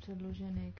předloženy